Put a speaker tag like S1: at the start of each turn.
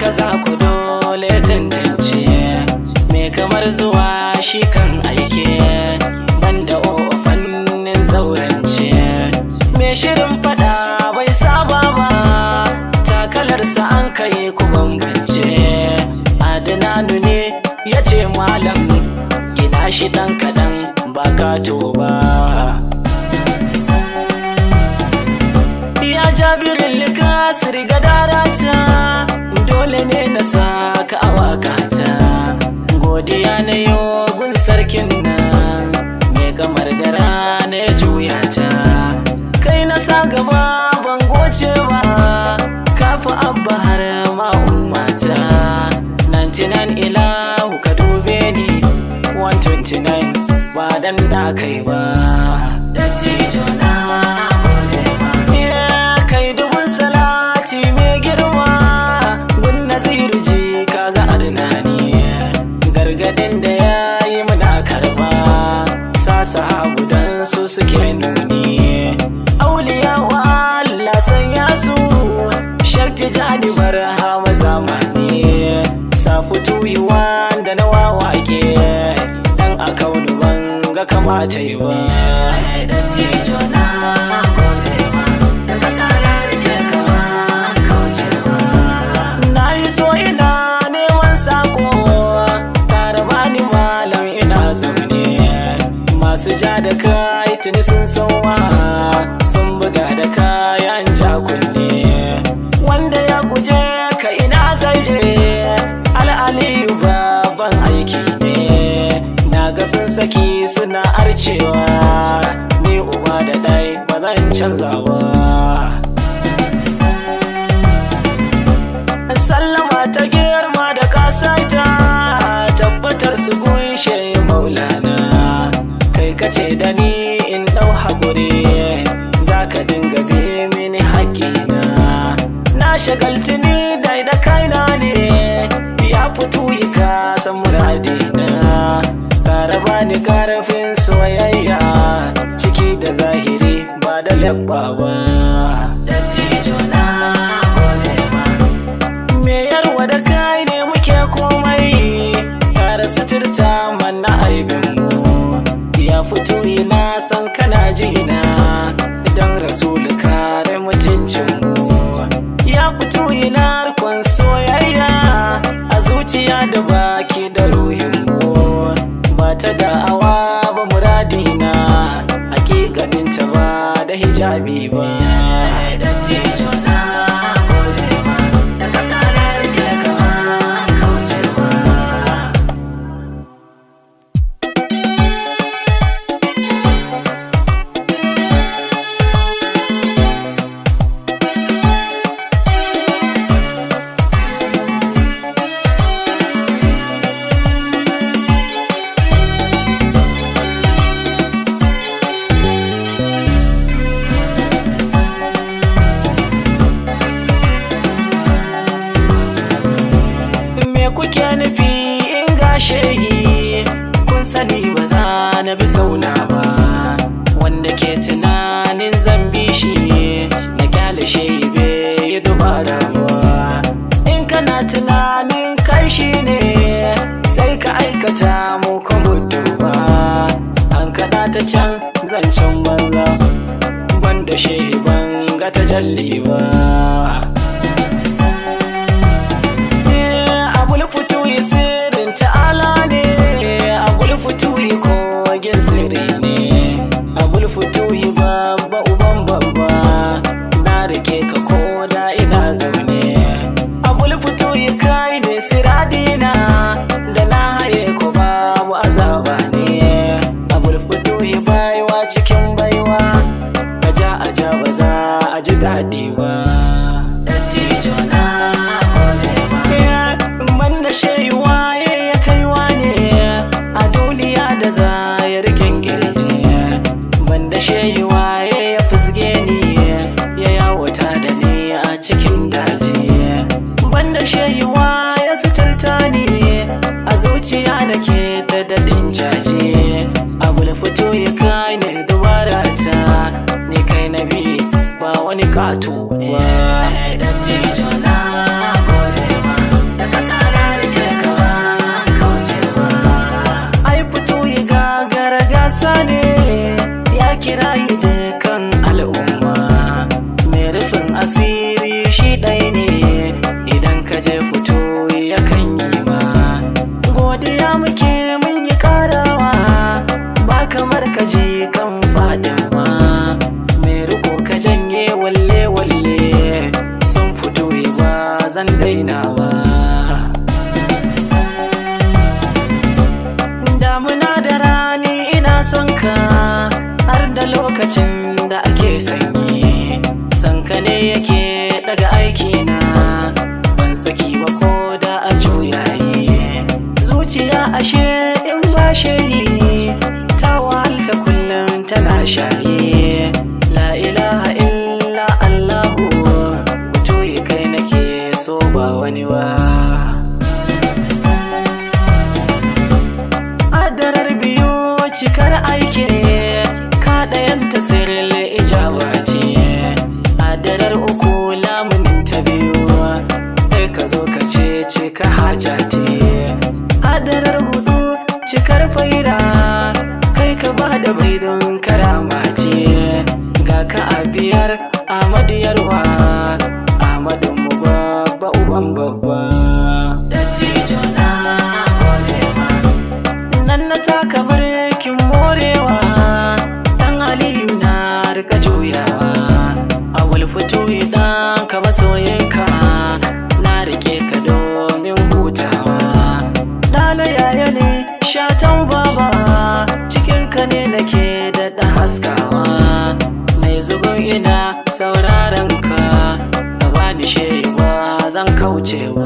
S1: Kaza ku dole tantance Me kamar zuwa shi kan aike banda ofannin zaurance Me shirin fada bai saba ba takalarsa an kai ku bambance adananu ne ya ce malam gina shi dan kaɗan ba kato ba ya jabirin lika sirga darata ne na saka a wakata godiya na gun sarkin nan ne kamar da rana ya juya ta kai na sa gaba ban goce ba kafa abba har ma ummata 99 ila ka dube ni 129 ba dan da kai ba kamata yi ba na yi so ina neman sako tare bani malam ina zaune masu ja da kai tuni sun wa? sun buga da kayan jakunne wanda ya guje ka ina zai je al'aliyu baban aiki ne na ga sun saki suna Cewa ni uba da ɗai ba zan canza ba dabba ba dattijo na gode ma me yarwa da kai ne muke komai tare suturta mana aibin mu ya fito ina san kana jina ya nufi in gashe yi kun sani ba za na bi sauna ba wanda ke tunanin zan bi shi na kyale shi bai yi dubara ba in kana tunanin kai shi ne sai ka aikata mu ka ba an kada ta can zancen banza banda shehi ban ga tajalli ba ke da daɗin jaje abu da fito ya kai ne dubara ta ni kai na bi ba wani kato ba damuna da rani ina son ka har da lokacin da ake sanyi sanka ne yake cikar aiki ne ka ɗayan ta sirri ijabati a darar uku lamunin ta biyu ka zo ka ce cika hajati a darar hudu cikar faida kai ka ba da baidon karamati ga ka a biyar a nake da haskawa mai zubin ina sauraron ka ba ni shewa zan kaucewa